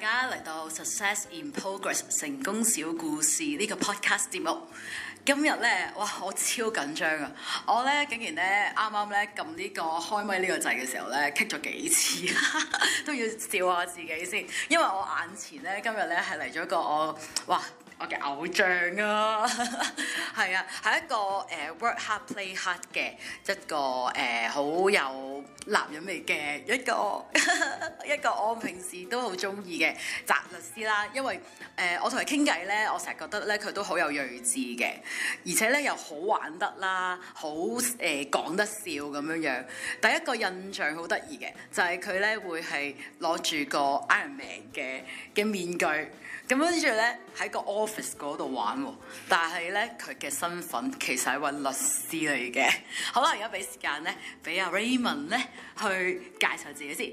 大家嚟到 Success in Progress 成功小故事呢個 podcast 節目，今日咧，哇，我超緊張啊！我咧竟然咧，啱啱咧撳呢個開麥呢個掣嘅時候咧，kick 咗幾次， 都要笑下自己先，因為我眼前咧今日咧係嚟咗個我哇。我嘅偶像啊，係啊，係一個誒、uh, work hard play hard 嘅一個誒好、uh, 有男人味嘅一個 一個我平時都好中意嘅翟律師啦，因為誒、uh, 我同佢傾偈咧，我成日覺得咧佢都好有睿智嘅，而且咧又好玩得啦，好誒、uh, 講得笑咁樣樣。第一個印象好得意嘅就係佢咧會係攞住個 Iron Man 嘅嘅面具。咁跟住咧喺個 office 嗰度玩喎、哦，但係咧佢嘅身份其實係位律師嚟嘅。 好啦，而家俾時間咧，俾阿 Raymond 咧去介紹自己先。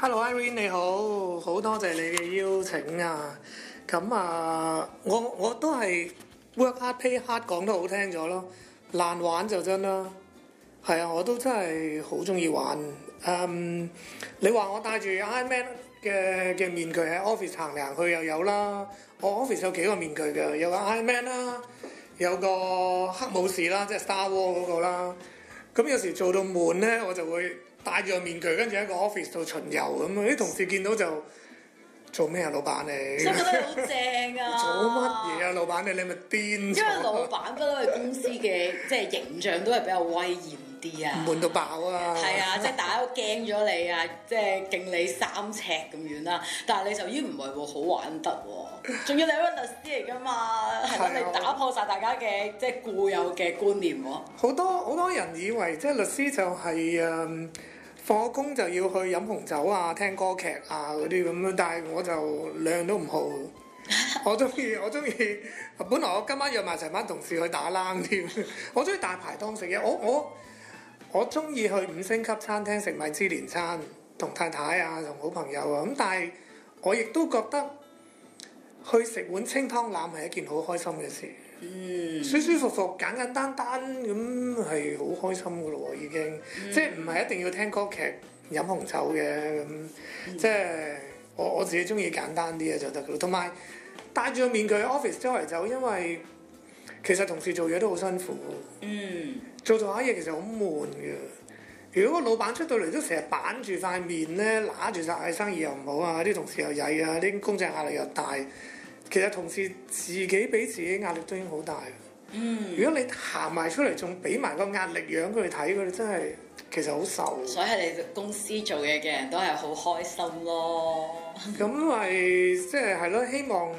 Hello，Irene，你好，好多謝你嘅邀請啊。咁啊，我我都係 work hard pay hard，講得好聽咗咯。難玩就真啦。係啊，我都真係好中意玩。嗯，你話我帶住 Iron Man 嘅嘅面具喺 office 行行去又有啦，我 office 有幾個面具嘅，有個 Iron Man 啦，有個黑武士啦，即係 Star War 嗰個啦。咁有時做到悶咧，我就會戴住個面具，跟住喺個 office 度巡遊咁啊！啲同事見到就做咩啊，老闆你？真係覺得好正啊！ 做乜嘢啊，老闆你？你咪癲！因為老闆不嬲，係公司嘅即係形象都係比較威嚴，悶到爆啊！係啊，即係大家都驚咗你啊，即係敬你三尺咁遠啦。但係你就已經唔係好玩得喎。仲要你係一個律師嚟㗎嘛？係咯，你打破晒大家嘅即係固有嘅觀念喎。好 多好多人以為即係律師就係誒放工就要去飲紅酒啊、聽歌劇啊嗰啲咁樣，但係我就兩樣都唔好。 我中意我中意， 本來我今晚約埋成班同事去打冷添。 我中意大排檔食嘢，我我。 我中意去五星級餐廳食米芝蓮餐，同太太啊，同好朋友啊，咁但係我亦都覺得去食碗清湯腩係一件好開心嘅事，mm. 舒舒服服、簡簡單單咁係好開心噶咯喎，已經、mm. 即係唔係一定要聽歌劇、飲紅酒嘅咁，即係、就是 mm. 我我自己中意簡單啲嘅就得嘅，同埋戴住個面具喺 office 周圍走，因為。其實同事做嘢都好辛苦，嗯，做做下嘢其實好悶㗎。如果個老闆出到嚟都成日板住塊面咧，揦住晒生意又唔好啊，啲同事又曳啊，啲工作壓力又大。其實同事自己俾自己壓力都已經好大。嗯，如果你行埋出嚟仲俾埋個壓力樣佢睇，佢哋真係其實好受。所以你公司做嘢嘅人都係好開心咯。咁咪即係係咯，希望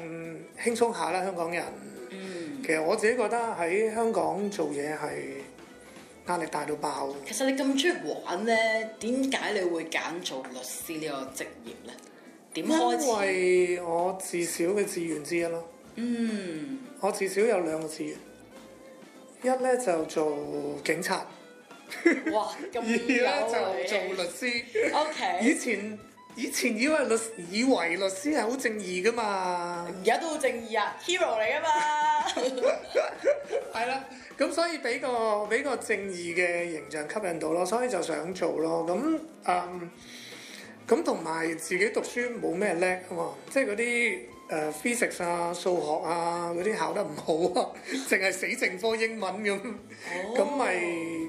輕鬆下啦，香港人。其實我自己覺得喺香港做嘢係壓力大到爆。其實你咁中意玩咧，點解你會揀做律師呢個職業咧？點開始？因為我至少嘅志願之一咯。嗯。我至少有兩個志願。一咧就做警察。哇！咁二咧就做律師。OK。以前。以前以為律以為律師係好正義噶嘛，而家都好正義啊，hero 嚟噶嘛，係啦， 咁所以俾個俾個正義嘅形象吸引到咯，所以就想做咯，咁嗯，咁同埋自己讀書冇咩叻啊嘛，即係嗰啲誒 physics 啊、數學啊嗰啲考得唔好啊，淨 係死剩科英文咁，咁咪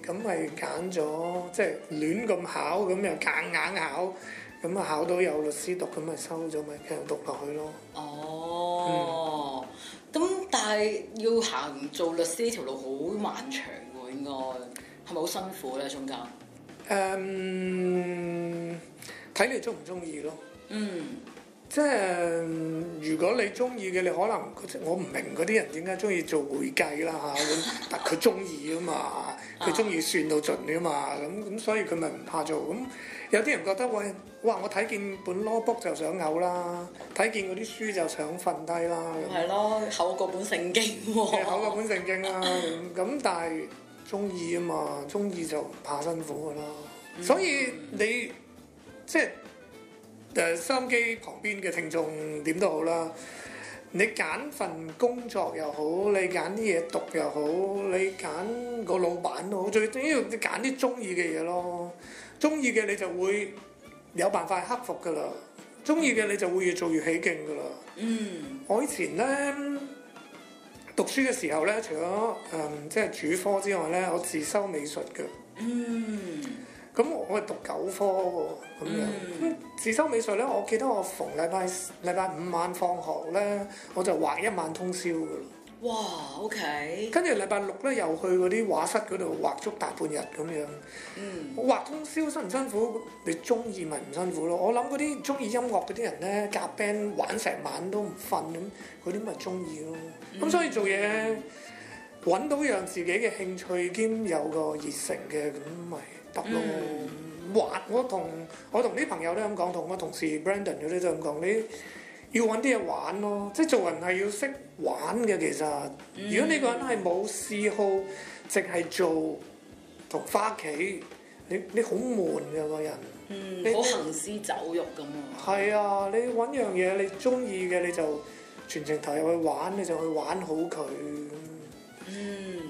咁咪揀咗，即係、就是、亂咁考，咁又硬硬考。咁啊，考到有律師讀，咁咪收咗咪繼續讀落去咯。哦，咁、嗯、但係要行做律師條路好漫長喎，應該係咪好辛苦咧？中間誒，睇、嗯、你中唔中意咯。嗯，即係如果你中意嘅，你可能我唔明嗰啲人點解中意做會計啦吓咁 但佢中意啊嘛，佢中意算到盡啊嘛，咁咁、啊、所以佢咪唔怕做咁。有啲人覺得喂，哇！我睇見本 law book 就想嘔啦，睇見嗰啲書就想瞓低啦。係咯、嗯，厚、嗯、過本聖經、哦，厚、嗯、過本聖經啦、啊。咁 但係中意啊嘛，中意就唔怕辛苦噶啦。嗯、所以你即係誒收音機旁邊嘅聽眾點都好啦。你揀份工作又好，你揀啲嘢讀又好，你揀個老闆好，最緊要你揀啲中意嘅嘢咯，中意嘅你就會有辦法克服噶啦，中意嘅你就會越做越起勁噶啦。嗯，我以前咧讀書嘅時候咧，除咗誒即係主科之外咧，我自修美術嘅。嗯，咁我係讀九科咁樣。嗯，自修美術咧，我記得我逢禮拜禮拜五晚放學咧，我就畫一晚通宵噶啦。哇，OK，跟住禮拜六咧又去嗰啲畫室嗰度畫足大半日咁樣，我、嗯、畫通宵，辛唔辛苦？你中意咪唔辛苦咯？嗯、我諗嗰啲中意音樂嗰啲人咧，夾 band 玩成晚都唔瞓，咁嗰啲咪中意咯。咁所以做嘢揾、嗯、到樣自己嘅興趣兼有個熱誠嘅咁咪得咯。畫、嗯、我同我同啲朋友都咁講，同我同事 Brandon 嗰啲都咁講啲。要揾啲嘢玩咯、哦，即係做人係要識玩嘅。其實，如果你個人係冇嗜好，淨係做同花企，你你好悶嘅個人，嗯、你好行屍走肉咁啊。係啊，你揾樣嘢你中意嘅你就全程投入去玩，你就去玩好佢。嗯，嗯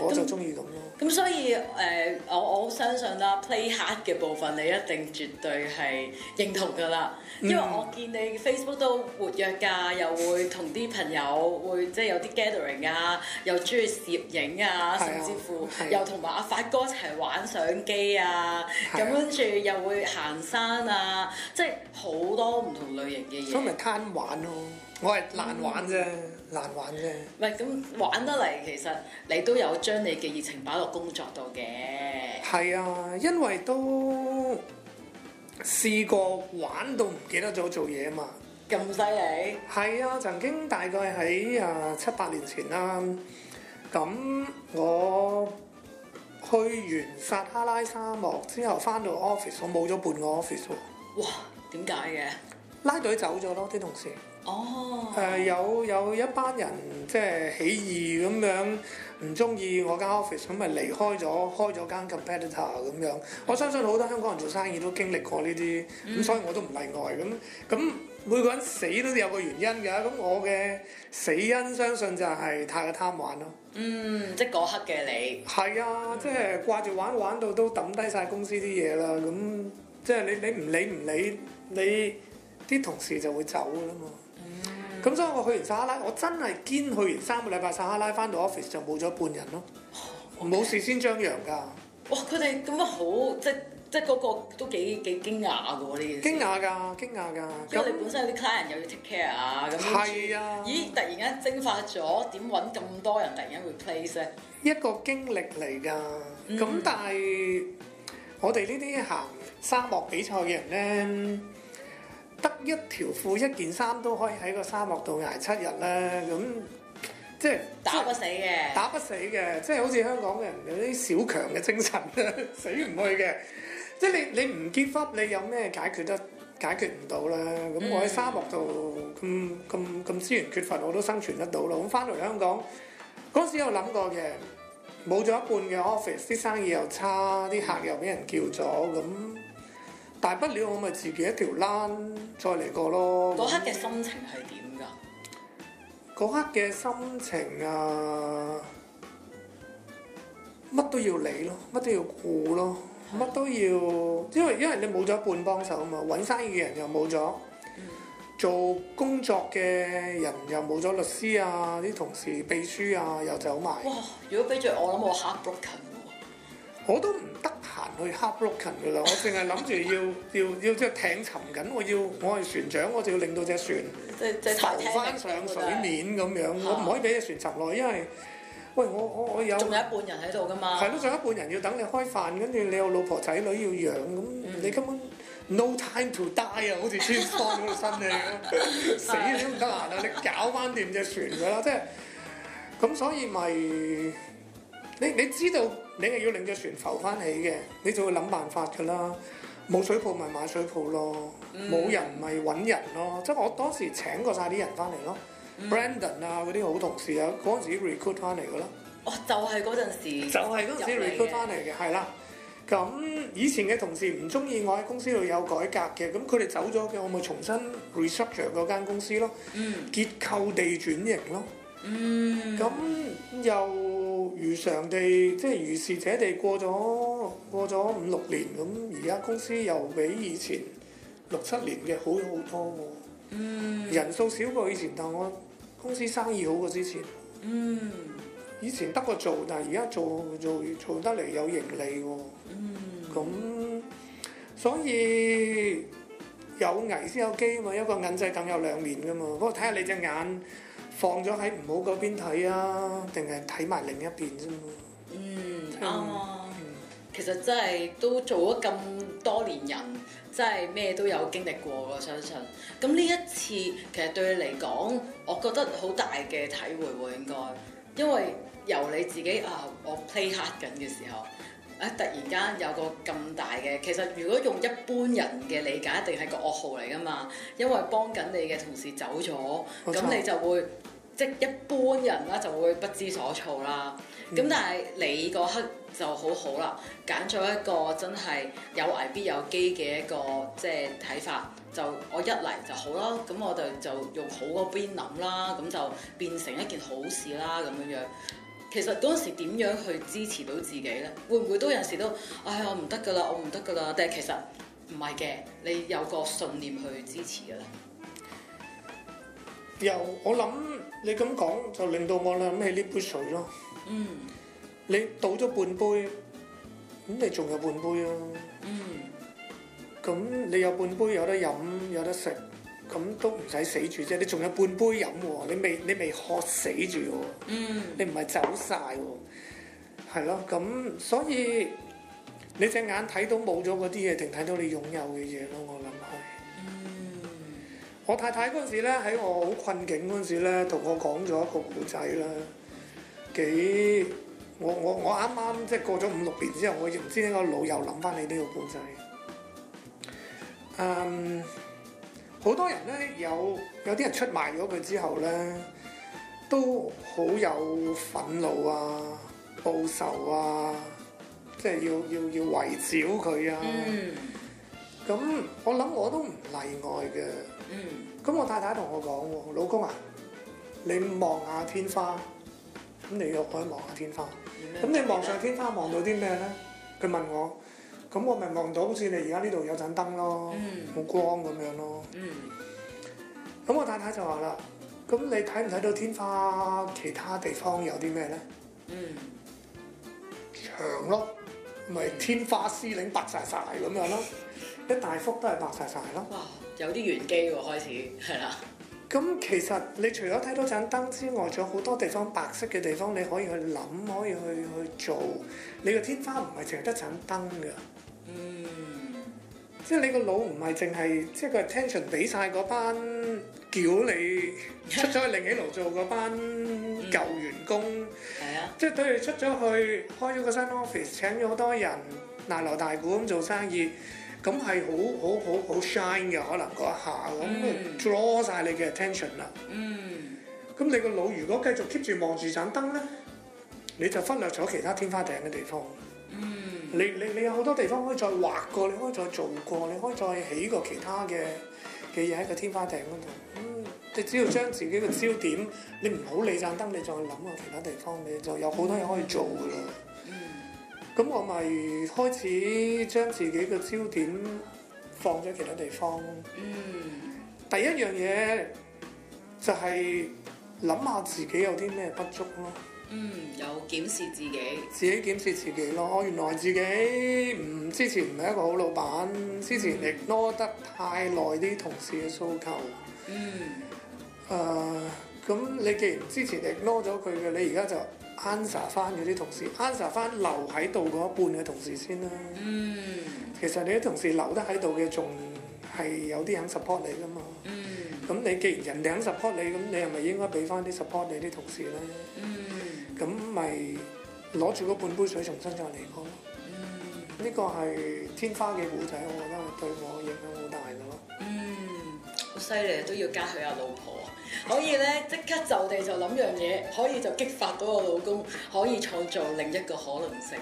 我就中意咁。咁所以誒、呃，我我好相信啦，play hard 嘅部分你一定絕對係認同噶啦，嗯、因為我見你 Facebook 都活躍㗎，又會同啲朋友會即係有啲 gathering 啊，又中意攝影啊，啊甚至乎、啊、又同埋阿發哥一齊玩相機啊，咁、啊、跟住又會行山啊，即係好多唔同類型嘅嘢。咁咪貪玩咯、啊，我係難玩啫。嗯難玩嘅，唔係咁玩得嚟。其實你都有將你嘅熱情擺落工作度嘅。係啊，因為都試過玩到唔記得咗做嘢嘛。咁犀利？係啊，曾經大概喺啊七八年前啦。咁我去完撒哈拉沙漠之後，翻到 office，我冇咗半個 office 喎。哇！點解嘅？拉隊走咗咯，啲同事。哦，誒、oh, uh, 有有一班人即係起義咁樣，唔中意我間 office 咁咪離開咗，開咗間 competitor 咁樣。Mm. 我相信好多香港人做生意都經歷過呢啲，咁、mm. 嗯、所以我都唔例外咁。咁每個人死都有個原因㗎，咁我嘅死因相信就係太過貪玩咯。嗯、mm,，即係嗰刻嘅你係啊，即係掛住玩玩到都抌低晒公司啲嘢啦。咁即係你你唔理唔理，你啲同事就會走㗎、啊、嘛。咁所以我去完撒哈拉，我真係堅去完三個禮拜撒哈拉，翻到 office 就冇咗半人咯。冇 Okay. 事先張揚㗎。哇！佢哋咁樣好，即即嗰個都幾幾驚訝㗎喎啲。驚訝㗎，驚訝㗎。你本身有啲 client 又要 take care 啊，咁。係啊。咦！突然間蒸發咗，點揾咁多人突然間 replace 咧？一個經歷嚟㗎。咁但係、嗯、我哋呢啲行沙漠比賽嘅人咧。得一條褲一件衫都可以喺個沙漠度捱七日咧，咁即係打不死嘅，打不死嘅，即係好似香港人有啲小強嘅精神 死唔去嘅。 即係你你唔 give up，你有咩解決得解決唔到啦？咁我喺沙漠度咁咁咁資源缺乏，我都生存得到啦。咁翻到香港嗰時有諗過嘅，冇咗一半嘅 office，啲生意又差，啲客又俾人叫咗咁。大不了我咪自己一條攣，再嚟過咯。嗰刻嘅心情係點㗎？嗰刻嘅心情啊，乜都要理咯，乜都要顧咯，乜都要，因為因為你冇咗一半幫手啊嘛，揾生意嘅人又冇咗，嗯、做工作嘅人又冇咗律師啊，啲同事秘書啊又走埋。哇！如果畀住我諗想 我 heart broken。我都唔得閒去 heartbroken 噶啦，我淨係諗住要要要即係艇沉緊，我要我係船長，我就要令到隻船，即係即係浮翻上水面咁樣。啊、我唔可以俾隻船沉落，因為喂，我我我有仲有一半人喺度噶嘛，係咯，仲有一半人要等你開飯，跟住你有老婆仔女要養咁，你根本、嗯、no time to die 啊，好似穿幫咗個身㗎，死你唔得閒啊，你搞翻掂隻船㗎啦，即係咁所以咪你你知道。你係要令隻船浮翻起嘅，你就會諗辦法噶啦。冇水泡咪買水泡咯，冇、嗯、人咪揾人咯。即係我當時請過晒啲人翻嚟咯、嗯、Brandon 啊嗰啲好同事啊嗰陣時 recruit 翻嚟噶咯。哦，就係嗰陣時，就係嗰陣時 recruit 翻嚟嘅，係啦。咁以前嘅同事唔中意我喺公司度有改革嘅，咁佢哋走咗嘅，我咪重新 restructure 嗰間公司咯，嗯、結構地轉型咯。嗯，咁又如常地，即係如是者地過咗過咗五六年咁，而家公司又比以前六七年嘅好好多喎。嗯，人數少過以前，但我公司生意好過之前。嗯，以前得個做，但係而家做做做得嚟有盈利喎。嗯，咁所以有危先有機嘛，一個銀仔梗有兩面噶嘛，不過睇下你隻眼。放咗喺唔好嗰邊睇啊，定係睇埋另一邊啫嘛。嗯，啱、哦、啊。其實真係都做咗咁多年人，真係咩都有經歷過。我相信。咁呢一次其實對你嚟講，我覺得好大嘅體會喎，應該。因為由你自己啊，我 play hard 緊嘅時候、啊，突然間有個咁大嘅，其實如果用一般人嘅理解，一定係個噩耗嚟㗎嘛。因為幫緊你嘅同事走咗，咁錯你就會。即一般人啦，就會不知所措啦。咁、嗯、但係你嗰刻就好好啦，揀咗一個真係有危必有機嘅一個即係睇法，就我一嚟就好啦。咁我就就用好嗰邊諗啦，咁就變成一件好事啦。咁樣樣，其實嗰陣時點樣去支持到自己呢？會唔會都有時都，哎呀我唔得噶啦，我唔得噶啦？但係其實唔係嘅，你有個信念去支持噶啦。又，我諗你咁講就令到我諗起呢杯水咯。嗯，你倒咗半杯，咁你仲有半杯啊？嗯，咁你有半杯有得飲有得食，咁都唔使死住啫。你仲有半杯飲喎、啊，你未你未渴死住、啊、喎。嗯，你唔係走晒喎、啊，係咯、啊。咁所以你隻眼睇到冇咗嗰啲嘢，定睇到你擁有嘅嘢咯？我？我太太嗰陣時咧，喺我好困境嗰陣時咧，同我講咗一個故仔啦。幾我我我啱啱即係過咗五六年之後，我亦唔知呢個老友諗翻起呢個故仔。嗯，好多人咧，有有啲人出賣咗佢之後咧，都好有憤怒啊、報仇啊，即係要要要圍剿佢啊。嗯。咁我諗我都唔例外嘅。嗯，咁我太太同我講喎，老公啊，你望下天花，咁你又可以望下天花，咁你望上天花望到啲咩呢？佢問我，咁我咪望到好似你而家呢度有盞燈咯，嗯，好光咁樣咯，嗯，咁我太太就話啦，咁你睇唔睇到天花其他地方有啲咩呢？嗯，牆咯，咪、就是、天花絲領白晒晒咁樣咯。嗯一大幅都係白晒晒咯，哇！有啲玄機喎，開始係啦。咁其實你除咗睇到盞燈之外，仲有好多地方白色嘅地方，你可以去諗，可以去去做。你個天花唔係淨係得盞燈嘅，嗯，即係你個腦唔係淨係即係個 attention 俾晒嗰班叫你出咗去另起爐做嗰班舊、嗯、員工，係、嗯、啊，即係對出咗去開咗個新 office，請咗好多人大鑼大鼓咁做生意。咁係好好好好 shine 嘅，可能嗰一下咁 draw 曬你嘅 attention 啦。嗯。咁、嗯、你個腦如果繼續 keep 住望住盞燈咧，你就忽略咗其他天花頂嘅地方。嗯。你你你有好多地方可以再畫過，你可以再做過，你可以再起過其他嘅嘅嘢喺個天花頂嗰度。嗯。你只要將自己嘅焦點，你唔好理盞燈，你再諗下其他地方，你就有好多嘢可以做嘅啦。嗯。咁我咪開始將自己嘅焦點放咗其他地方。嗯，第一樣嘢就係諗下自己有啲咩不足咯、啊。嗯，有檢視自己，自己檢視自己咯。哦、原來自己唔之前唔係一個好老闆，嗯、之前亦攞得太耐啲同事嘅訴求。嗯。誒、呃，咁你既然之前亦攞咗佢嘅，你而家就。answer 翻啲同事，answer 翻留喺度嗰一半嘅同事先啦。嗯，其實你啲同事留得喺度嘅，仲係有啲人 support 你噶嘛。嗯，咁你既然人哋肯 support 你，咁你係咪應該俾翻啲 support 你啲同事咧？嗯，咁咪攞住嗰半杯水重新再嚟過咯。嗯，呢個係天花嘅故仔，我覺得對我影響好大咯。嗯，好犀利，都要加佢阿老婆。 可以咧，即刻就地就諗樣嘢，可以就激發到我老公，可以創造另一個可能性。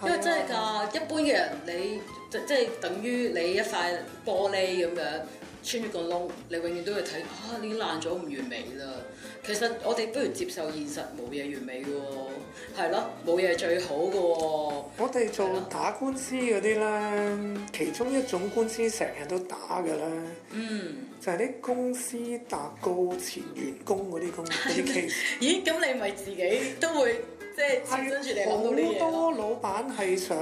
因為真係噶， 一般嘅人你就即、是、係等於你一塊玻璃咁樣。穿一個窿，你永遠都會睇嚇，你、啊、爛咗唔完美啦。其實我哋不如接受現實，冇嘢完美喎、哦，係咯，冇嘢最好嘅喎、哦。我哋做打官司嗰啲咧，的其中一種官司成日都打嘅咧，嗯，就係啲公司打告前員工嗰啲公司。 咦，咁你咪自己都會？ 即係好多老闆係想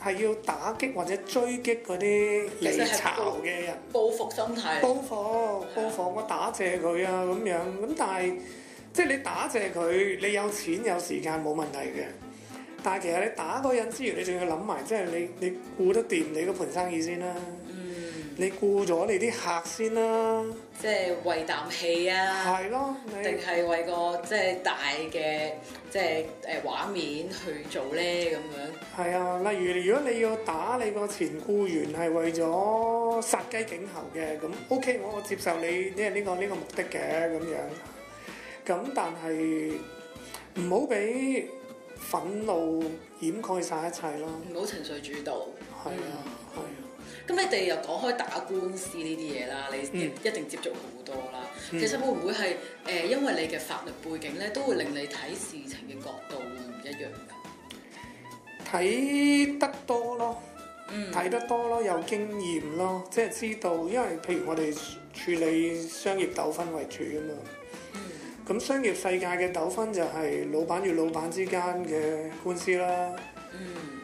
係要打擊或者追擊嗰啲離巢嘅人，報,報復心態。報復報復，我打謝佢啊咁樣。咁但係即係你打謝佢，你有錢有時間冇問題嘅。但係其實你打嗰人之餘，你仲要諗埋，即係你你顧得掂你嗰盤生意先啦。你顧咗你啲客先啦，啊啊啊，即係為啖氣啊，係咯，定係為個即係大嘅即係誒畫面去做咧咁樣。係啊，例如如果你要打你個前雇員係為咗殺雞儆猴嘅咁，OK，我我接受你呢、這個呢、這個目的嘅咁樣。咁但係唔好俾憤怒掩蓋晒一切咯，啊，唔好情緒主導。係啊。嗯嗯咁你哋又講開打官司呢啲嘢啦，你一定接觸好多啦。嗯、其實會唔會係誒、呃、因為你嘅法律背景咧，都會令你睇事情嘅角度會唔一樣㗎？睇得多咯，睇、嗯、得多咯，有經驗咯，即、就、係、是、知道。因為譬如我哋處理商業糾紛為主啊嘛。咁、嗯、商業世界嘅糾紛就係老闆與老闆之間嘅官司啦。嗯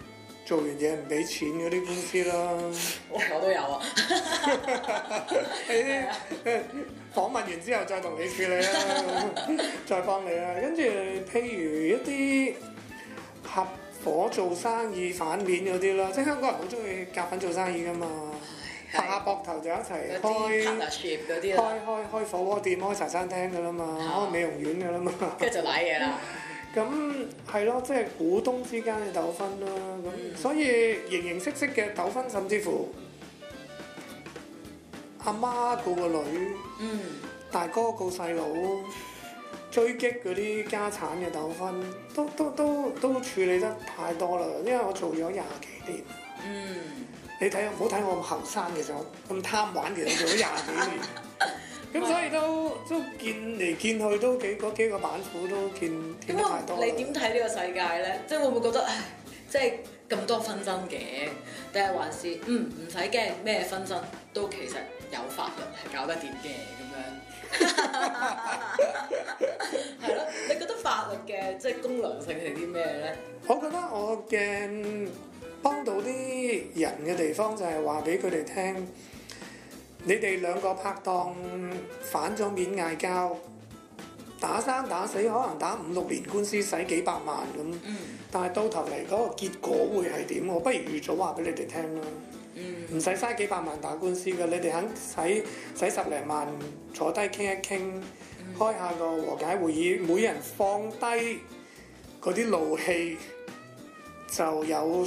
做完嘢唔俾錢嗰啲公司啦我，我都有啊。啲 訪問完之後再同你處理啦， 再幫你啦。跟住譬如一啲合伙做生意反面嗰啲啦，即係香港人好中意夾份做生意噶嘛，拍下膊頭就一齊開,開開開開火鍋店、開茶餐廳噶啦嘛，啊、開美容院噶啦嘛，跟住就瀨嘢啦。咁係咯，即係股東之間嘅糾紛啦，咁、嗯、所以形形色色嘅糾紛，甚至乎阿媽告個女，嗯、大哥告細佬，追擊嗰啲家產嘅糾紛，都都都都處理得太多啦，因為我做咗廿幾年。嗯，你睇唔好睇我咁後生，其實我，咁貪玩，其實做咗廿幾年。 咁、嗯、所以都、嗯、見見見都，都見嚟見去都幾嗰幾個板斧都見見得太多。你點睇呢個世界咧？即係會唔會覺得唉，即係咁多紛爭嘅，定係還是嗯唔使驚咩紛爭都其實有法律係搞得掂嘅咁樣。係咯 你覺得法律嘅即係功能性係啲咩咧？我覺得我嘅幫到啲人嘅地方就係話俾佢哋聽。你哋兩個拍檔反咗面嗌交，打生打死，可能打五六年官司，使幾百萬咁。嗯、但係到頭嚟嗰個結果會係點？嗯、我不如預早話俾你哋聽啦。唔使嘥幾百萬打官司嘅，你哋肯使使十零萬坐低傾一傾，開下個和解會議，每人放低嗰啲怒氣，就有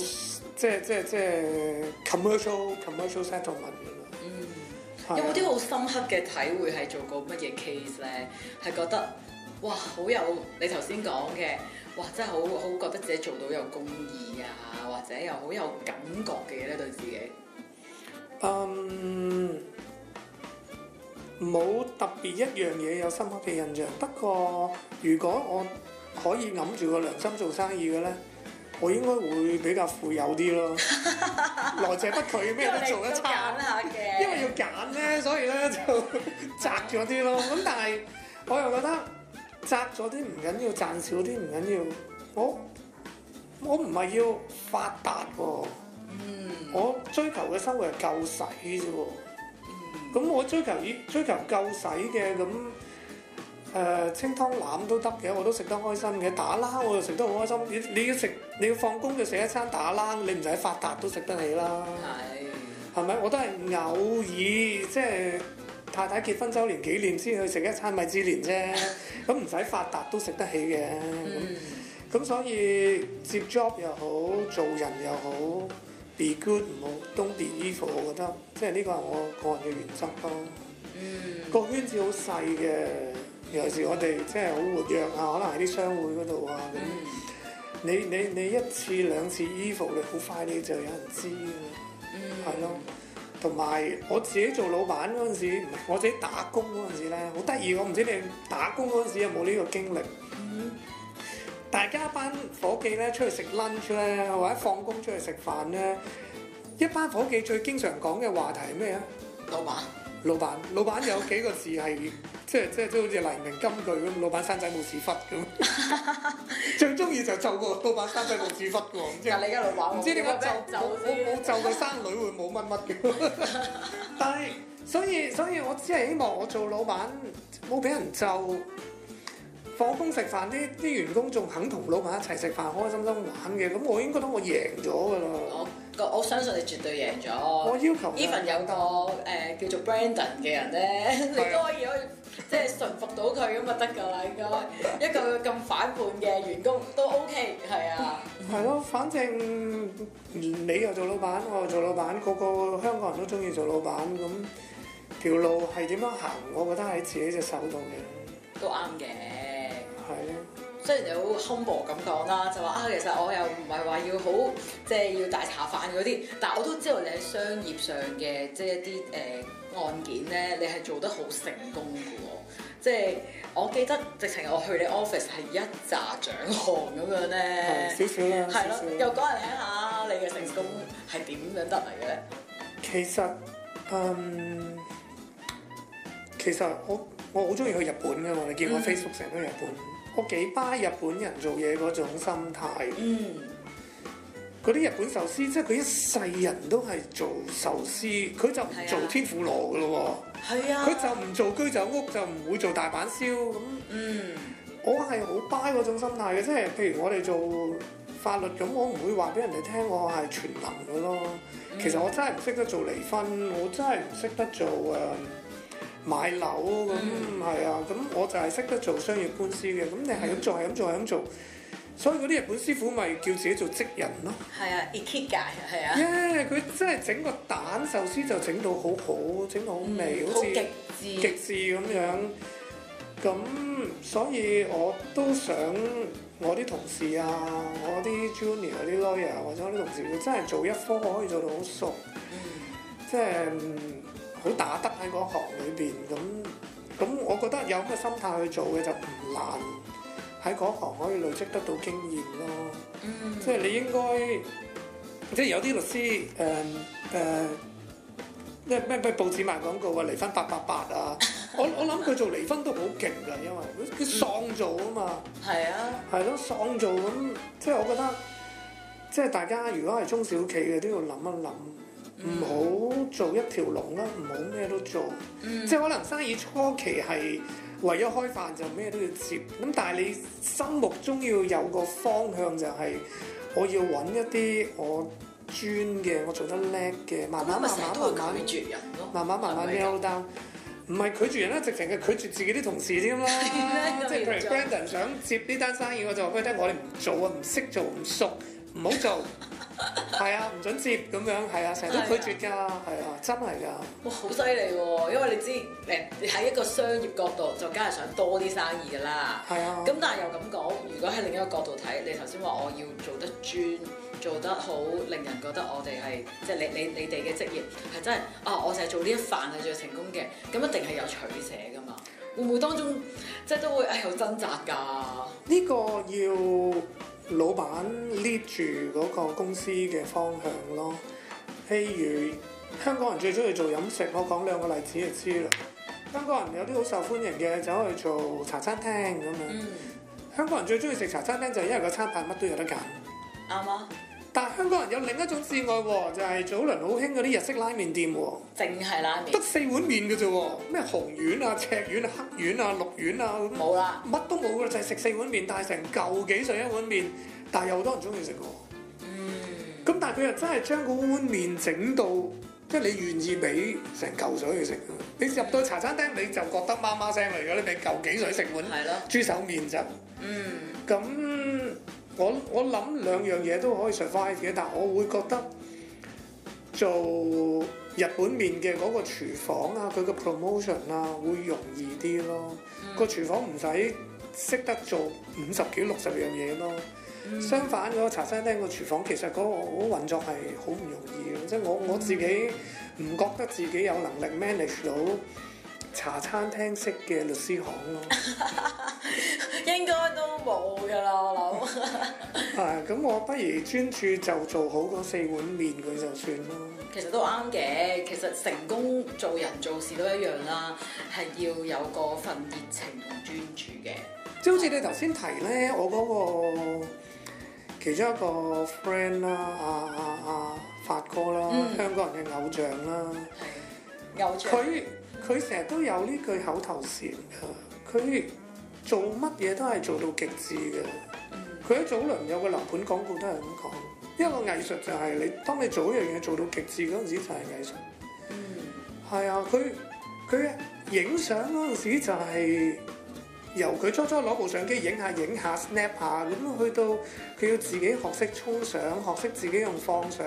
即係即係即係 commercial commercial settlement 嘅啦。嗯有冇啲好深刻嘅體會係做過乜嘢 case 呢？係覺得哇，好有你頭先講嘅，哇，真係好好覺得自己做到有公義啊，或者又好有感覺嘅嘢對自己。嗯，冇特別一樣嘢有深刻嘅印象。不過如果我可以揞住個良心做生意嘅呢。我應該會比較富有啲咯， 來者不拒，咩都做得差一餐。 因為要揀咧，所以咧 就窄咗啲咯。咁但係， 我又覺得窄咗啲唔緊要，賺少啲唔緊要。我我唔係要發達喎、啊，嗯、我追求嘅生活係夠使啫喎。咁、嗯、我追求要追求夠使嘅咁。誒、呃、清湯腩都得嘅，我都食得開心嘅。打冷我又食得好開心。你要食你要放工就食一餐打冷，你唔使發達都食得起啦。係係咪？我都係偶爾即係、就是、太太結婚週年紀念先去食一餐米芝蓮啫。咁唔使發達都食得起嘅。咁咁、嗯、所以接 job 又好，做人又好，be good 唔好，don't be evil，我覺得即係呢個係我個人嘅原則咯。嗯，個圈子好細嘅。有時我哋即係好活躍啊，可能喺啲商會嗰度啊，咁、嗯、你你你一次兩次衣服，你好快你就有人知嘅，係咯、嗯。同埋我自己做老闆嗰陣時，我自己打工嗰陣時咧，好得意，我唔知你打工嗰陣時有冇呢個經歷。嗯、大家班伙計咧出去食 lunch 咧，或者放工出去食飯咧，一班伙計最經常講嘅話題係咩啊？老闆。老闆，老闆有幾個字係即係即係都好似黎明金句咁，老闆生仔冇屎忽咁。最中意就就個老闆生仔冇屎忽喎，唔知你而家喺度玩，唔知呢個就我我冇就個生女會冇乜乜嘅。但係所以所以我只係希望我做老闆冇俾人就，放工食飯啲啲員工仲肯同老闆一齊食飯開開心心玩嘅，咁我應該覺得我贏咗㗎啦。個我相信你絕對贏咗。我要求 Even 有個誒、嗯呃、叫做 Brandon 嘅人咧， 你都可以可以 即係馴服到佢咁就得㗎啦，應該一個咁反叛嘅員工都 OK 係啊。係咯，反正你又做老闆，我又做老闆，個個香港人都中意做老闆，咁條路係點樣行，我覺得喺自己隻手度嘅。都啱嘅。雖然你好 humble 咁講啦，就話、是、啊，其實我又唔係話要好，即、就、係、是、要大茶飯嗰啲，但係我都知道你喺商業上嘅，即係一啲誒案件咧，你係做得好成功嘅喎。即、就、係、是、我記得，直情我去你 office 係一紮獎項咁樣咧，少少啦，係咯，了又講嚟聽下你嘅成功係點樣得嚟嘅咧？其實，嗯，其實我我好中意去日本嘅喎，你見我 Facebook 成日都去日本。嗯我幾巴日本人做嘢嗰種心態，嗯，嗰啲日本壽司即係佢一世人都係做壽司，佢就唔做天婦羅嘅咯，係啊，佢就唔做居酒屋就唔會做大阪燒咁，嗯，我係好巴嗰種心態嘅，即係譬如我哋做法律咁，我唔會話俾人哋聽我係全能嘅咯，嗯，其實我真係唔識得做離婚，我真係唔識得做誒。買樓咁係、嗯、啊，咁我就係識得做商業官司嘅，咁你係咁做係咁做係咁做，做，所以嗰啲日本師傅咪叫自己做職人咯。係啊，ikigai 係啊。佢、嗯、真係整個蛋壽司就整到好好，整到好味，嗯、好似極致極致咁樣。咁所以我都想我啲同事啊，我啲 junior、啲 lawyer 或者我啲同事，佢真係做一科可以做到好熟，即係、嗯。就是好打得喺嗰行裏邊咁，咁我覺得有咁嘅心態去做嘅就唔難喺嗰行可以累積得到經驗咯。嗯，即係你應該即係有啲律師誒誒，即係咩咩報紙賣廣告啊，離婚八八八啊！ 我我諗佢做離婚都好勁㗎，因為佢佢喪造啊嘛。係、嗯、啊，係咯，喪造咁，即係我覺得，即係大家如果係中小企嘅都要諗一諗。唔好、嗯、做一條龍啦，唔好咩都做，嗯、即係可能生意初期係為咗開飯就咩都要接，咁但係你心目中要有個方向，就係、是、我要揾一啲我專嘅，我做得叻嘅，慢慢慢慢慢慢。慢慢是是拒絕人咯，慢慢慢慢呢單唔係拒絕人啦，直情係拒絕自己啲同事添啦， 即係譬如 Brandon 想接呢單生意，我就話俾你聽我哋唔做啊，唔識做，唔熟，唔好做。 係 啊，唔准接咁樣，係啊，成日都拒絕噶，係啊，啊，真係噶、啊，哇，好犀利喎！因為你知你喺一個商業角度，就梗係想多啲生意噶啦，係啊。咁但係又咁講，如果喺另一個角度睇，你頭先話我要做得專，做得好，令人覺得我哋係即係你你你哋嘅職業係真係啊，我成日做呢一範係最成功嘅，咁一定係有取捨噶嘛。會唔會當中即係都會誒好掙扎㗎？呢個要。老闆捏住嗰個公司嘅方向咯，譬如香港人最中意做飲食，我講兩個例子就知啦。香港人有啲好受歡迎嘅，走去做茶餐廳咁樣。嗯、香港人最中意食茶餐廳，就係因為個餐牌乜都有得揀，啱啊、嗯。但香港人有另一種至愛喎，就係、是、早輪好興嗰啲日式拉麵店喎。淨係拉麵得四碗麵嘅啫，咩紅丸啊、赤丸啊、黑丸啊、綠丸啊，冇、嗯、啦，乜了都冇㗎，就係、是、食四碗麵，但係成嚿幾水一碗麵，但係又好多人中意食喎。嗯。咁但係佢又真係將個碗麵整到即係你願意俾成嚿水去食。你入到茶餐廳你就覺得媽媽聲嚟咗，你俾嚿幾水食碗豬手麵就。了嗯。咁、嗯。我我諗兩樣嘢都可以 survive 嘅，但係我會覺得做日本麵嘅嗰個廚房啊，佢個 promotion 啊會容易啲咯。嗯、個廚房唔使識得做五十幾六十樣嘢咯。嗯、相反，嗰茶餐廳個廚房其實嗰個運作係好唔容易嘅，即係我我自己唔覺得自己有能力 manage 到。茶餐廳式嘅律師行咯、啊， 應該都冇噶啦，我諗。 啊，咁我不如專注就做好嗰四碗麵佢就算咯。其實都啱嘅，其實成功做人做事都一樣啦，係要有嗰份熱情同專注嘅。即好似你頭先提咧，我嗰個其中一個 friend 啦、啊，阿阿阿發哥啦，嗯、香港人嘅偶像啦，嗯、偶像佢。佢成日都有呢句口頭禪，佢做乜嘢都係做到極致嘅。佢喺早輪有個樓盤廣告都係咁講，一個藝術就係、是、你，當你做一樣嘢做到極致嗰陣時就係藝術。係、嗯、啊，佢佢影相嗰陣時就係、是。由佢初初攞部相機影下影下，下 snap 下，咁去到佢要自己學識沖相，學識自己用放相，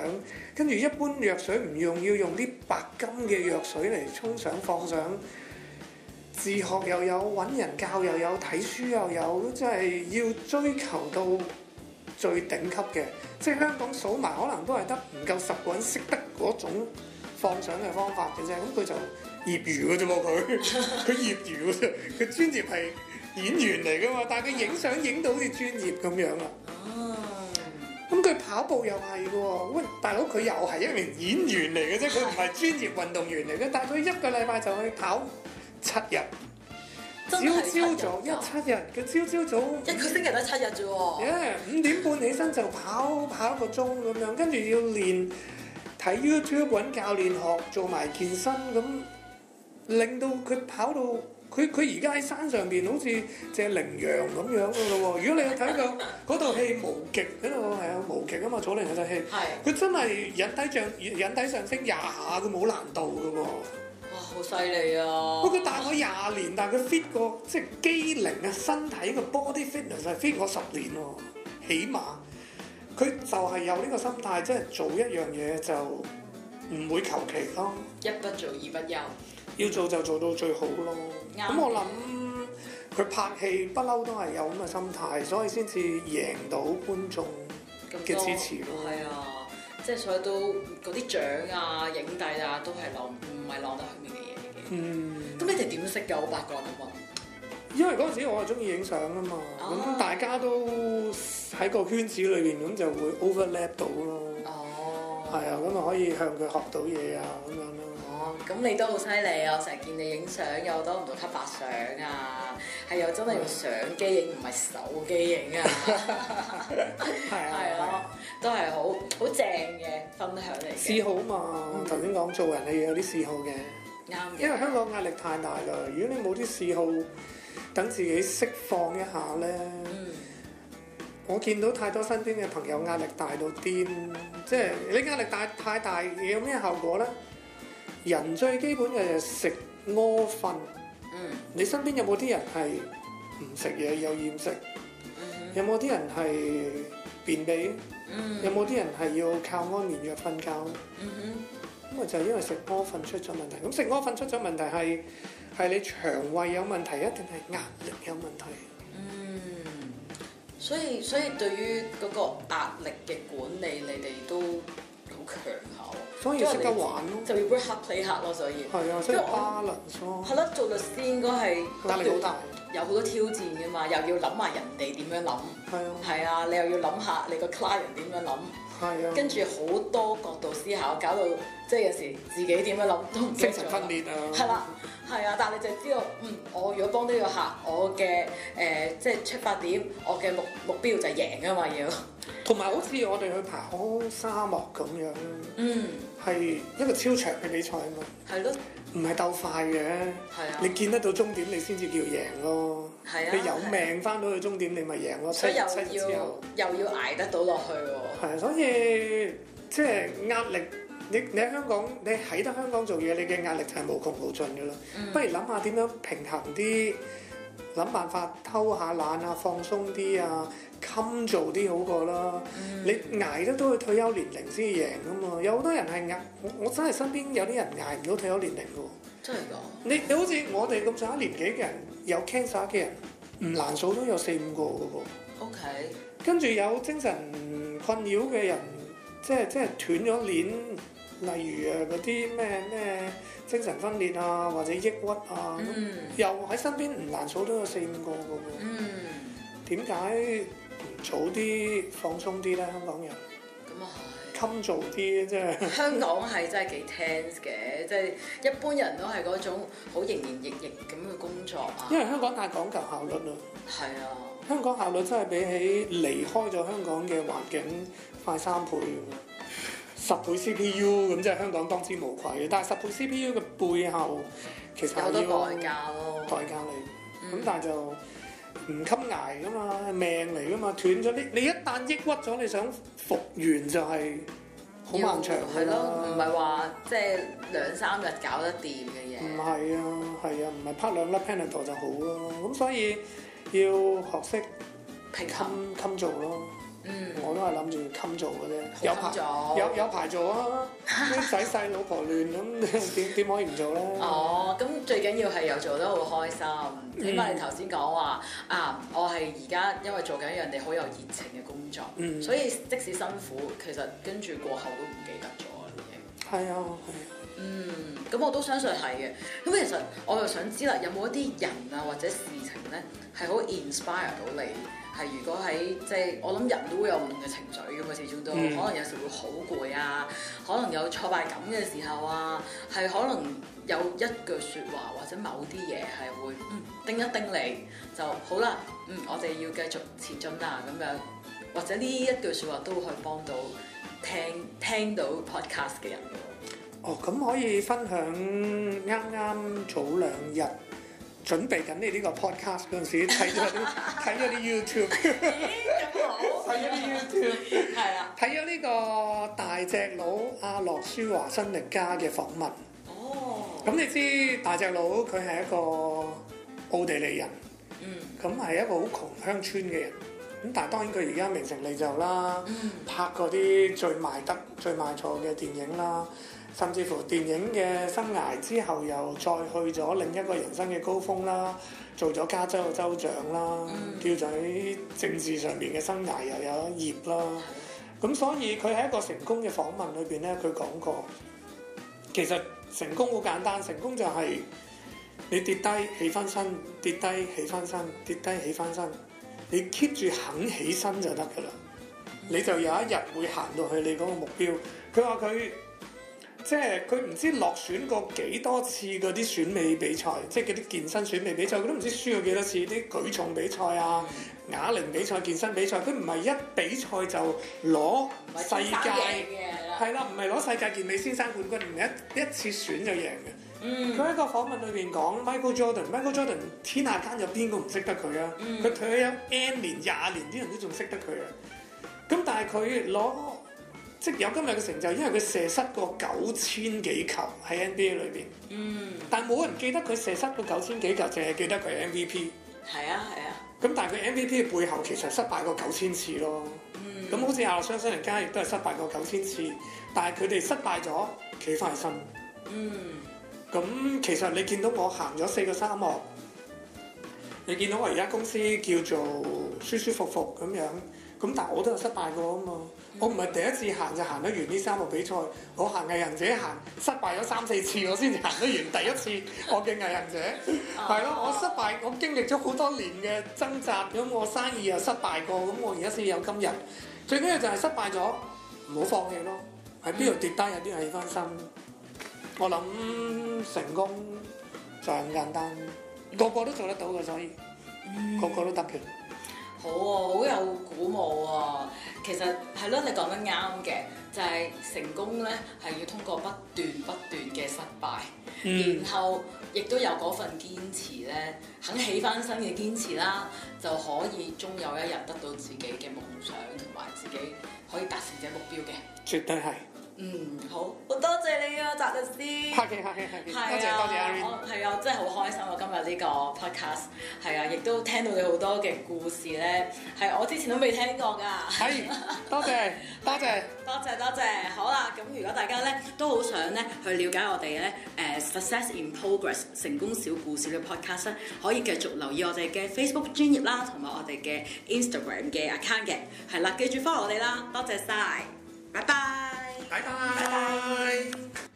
跟住一般藥水唔用，要用啲白金嘅藥水嚟沖相放相。自學又有，揾人教又有，睇書又有，即係要追求到最頂級嘅，即係香港數埋可能都係得唔夠十個人識得嗰種。放相嘅方法嘅啫，咁佢就業餘嘅啫喎佢，佢 業餘嘅啫，佢專業係演員嚟噶嘛，但係佢影相影到好似專業咁樣啊。哦，咁佢跑步又係喎，喂，大佬佢又係一名演員嚟嘅啫，佢唔係專業運動員嚟嘅，但係佢一個禮拜就去跑七日，朝朝早一七日，佢朝 朝早一個星期都七日啫喎。五點，yeah，半起身就跑跑一個鐘咁樣，跟住要練。喺 YouTube 揾教練學做埋健身咁，令到佢跑到佢，佢而家喺山上邊好似隻羚羊咁樣噶咯喎！如果你有睇過嗰套戲《無極》，嗰套係啊《無極》啊嘛，左麟右振戲，佢真係引體上引體上升廿下都冇難度噶喎！哇，好犀利啊！不過大我廿年，但係佢 fit 過即係肌齡啊，身體個 body fitness 係 fit 我十年喎，起碼。佢就係有呢個心態，即係做一樣嘢就唔會求其咯。一不做二不休，要做就做到最好咯。咁、嗯、我諗佢拍戲不嬲都係有咁嘅心態，所以先至贏到觀眾嘅支持咯。係啊多、嗯，即係所以都嗰啲獎啊、影帝啊都係攞唔係攞得去面嘅嘢嘅。咁、嗯、你哋點識嘅？我八卦緊喎。因為嗰陣時我係中意影相啊嘛，咁、oh. 大家都喺個圈子裏邊咁就會 overlap 到咯，係、oh. 啊，咁啊可以向佢學到嘢啊咁樣咯。哦，咁你都好犀利啊！Oh, 我成日見你影相，又好多唔到黑白相啊，係又真係用相機影唔係手機影啊，係 啊，啊啊都係好好正嘅分享嚟嘅。嗜好嘛，頭先講做人嘅嘢，有啲嗜好嘅，啱 因為香港壓力太大啦，如果你冇啲嗜好。等自己釋放一下呢。嗯、我見到太多身邊嘅朋友壓力大到癲，即係你壓力大太大，有咩後果呢？人最基本嘅就係食屙瞓。嗯、你身邊有冇啲人係唔食嘢又厭食？有冇啲、嗯嗯、人係便秘？嗯嗯有冇啲人係要靠安眠藥瞓覺？嗯嗯嗯因就係因為食屙粉出咗問題，咁食屙粉出咗問題係係你腸胃有問題，一定係壓力有問題。嗯，所以所以對於嗰個壓力嘅管理，你哋都好強效。所以要識得玩咯，就要 work h 咯。所以係啊，即係巴倫錯。係啦，嗯，做律師應該係壓力好大，有好多挑戰噶嘛，又要諗下人哋點樣諗。係啊，係啊，你又要諗下你個 client 點樣諗。吧吧係啊、跟住好多角度思考，搞到即係有時自己點樣諗都精神分裂啊，啊！係啦，係啊，但係你就知道，嗯，我如果幫呢個客，我嘅誒、呃、即係出發點，我嘅目目標就係贏啊嘛要。同埋好似我哋去爬沙漠啊咁樣，嗯，係一個超長嘅比賽啊嘛，係咯，唔係鬥快嘅，係啊，你見得到終點，你先至叫贏咯。你有命翻到去終點，你咪贏咯。所以又要又要捱得到落去喎。係，所以即係、就是、壓力。你你喺香港，你喺得香港做嘢，你嘅壓力就係無窮無盡噶啦。嗯、不如諗下點樣平衡啲，諗辦法偷下懶啊，放鬆啲啊，襟做啲好過啦。嗯、你捱得到捱到退休年齡先贏啊嘛。有好多人係捱，我真係身邊有啲人捱唔到退休年齡喎。真係噶，你你好似我哋咁上下年紀嘅人，有 cancer 嘅人唔難數都有四五個嘅喎、那個。OK，跟住有精神困擾嘅人，即係即係斷咗鏈，例如誒嗰啲咩咩精神分裂啊，或者抑鬱啊，嗯、又喺身邊唔難數都有四五個嘅喎、那個。嗯，點解早啲放鬆啲咧香港人？咁啊、嗯。襟做啲即係，香港係真係幾 tense 嘅，即係 一般人都係嗰種好營營役役咁嘅工作啊。因為香港太講求效率啦，係啊、嗯，香港效率真係比起離開咗香港嘅環境快三倍，十倍 CPU 咁，即係香港當之無愧嘅。但係十倍 CPU 嘅背後其實有好多代價咯，代價嚟。咁、嗯、但係就。唔襟挨噶嘛，命嚟噶嘛，斷咗啲，你一旦抑鬱咗，你想復原就係好漫長噶啦。係咯，唔係話即係兩三日搞得掂嘅嘢。唔係啊，係啊，唔係啪兩粒 Panadol 就好咯。咁所以要學識襟襟做咯。嗯，我都係諗住襟做嘅啫，有排有有排做啊！使晒老婆亂咁，點點可以唔做咧？哦，咁最緊要係又做得好開心。嗯、起碼你頭先講話啊，我係而家因為做緊一樣嘢好有熱情嘅工作，嗯、所以即使辛苦，其實跟住過後都唔記得咗嘅。係啊、哎呀，嗯，咁我都相信係嘅。咁其實我又想知啦，有冇一啲人啊或者事情咧係好 inspire 到你？係，如果喺即係，就是、我諗人都會有唔同嘅情緒咁，佢始終都可能有時會好攰啊，可能有挫敗感嘅時候啊，係可能有一句説話或者某啲嘢係會，嗯，叮一叮你就好啦。嗯，我哋要繼續前進啦咁樣，或者呢一句説話都會可以幫到聽聽到 podcast 嘅人喎。哦，咁可以分享啱啱早兩日，準備緊你呢個 podcast 嗰陣時，睇咗啲睇咗啲 YouTube，睇咗啲 YouTube，係啊，睇咗呢個大隻佬阿諾舒華辛力加嘅訪問。哦，咁你知大隻佬佢係一個奧地利人，嗯，咁係一個好窮鄉村嘅人，咁但係當然佢而家名成利就啦，嗯、拍嗰啲最賣得最賣座嘅電影啦。甚至乎電影嘅生涯之後，又再去咗另一個人生嘅高峰啦，做咗加州嘅州長啦，叫做、嗯、喺政治上面嘅生涯又有一頁啦。咁所以佢喺一個成功嘅訪問裏邊咧，佢講過，其實成功好簡單，成功就係你跌低起翻身，跌低起翻身，跌低起翻身，你 keep 住肯起身就得噶啦，你就有一日會行到去你嗰個目標。佢話佢。即係佢唔知落選過幾多次嗰啲選美比賽，即係嗰啲健身選美比賽，佢都唔知輸過幾多次啲舉重比賽啊、嗯、啞鈴比賽、健身比賽，佢唔係一比賽就攞世界，係啦，唔係攞世界健美先生冠軍一一，一次選就贏嘅。佢喺、嗯、個訪問裏邊講 Michael Jordan，Michael Jordan 天下間有邊個唔識得佢啊？佢、嗯、退休 N 年廿年，啲人都仲識得佢啊！咁但係佢攞。即有今日嘅成就，因為佢射失過九千幾球喺 NBA 裏邊。嗯。但係冇人記得佢射失過九千幾球，淨係記得佢係 MVP。係啊，係啊。咁但係佢 MVP 嘅背後其實失敗過九千次咯。嗯。咁好似亞歷山人家亦都係失敗過九千次，但係佢哋失敗咗企返起身。嗯。咁其實你見到我行咗四個沙漠，你見到我而家公司叫做舒舒服服咁樣。咁但係我都有失敗過啊嘛，我唔係第一次行就行得完呢三個比賽，我行毅行者行失敗咗三四次，我先至行得完第一次我嘅毅行者，係咯， 我失敗，我經歷咗好多年嘅掙扎，咁、嗯、我生意又失敗過，咁、嗯、我而家先有今日，最緊要就係失敗咗唔好放棄咯，喺邊度跌低，有啲人起翻身，嗯、我諗成功就係咁簡單，個個都做得到嘅，所以個個都得嘅。嗯、個個好啊，好有鼓舞啊。其實係咯，你講得啱嘅，就係、是、成功咧，係要通過不斷不斷嘅失敗，嗯、然後亦都有嗰份堅持咧，肯起翻身嘅堅持啦，就可以終有一日得到自己嘅夢想同埋自己可以達成嘅目標嘅，絕對係。嗯，好好多謝你啊，翟律師，客氣客氣客氣，多謝多謝啊，我係啊，真係好開心啊！今日呢個 podcast 係啊，亦都聽到你好多嘅故事咧，係我之前都未聽過噶，係多謝多謝多謝多謝，好啦，咁如果大家咧都好想咧去了解我哋咧誒，Success in Progress 成功小故事嘅 podcast 可以繼續留意我哋嘅 Facebook 專頁啦，同埋我哋嘅 Instagram 嘅 account 嘅，係啦，記住 follow 我哋啦，多謝晒，拜拜。拜拜。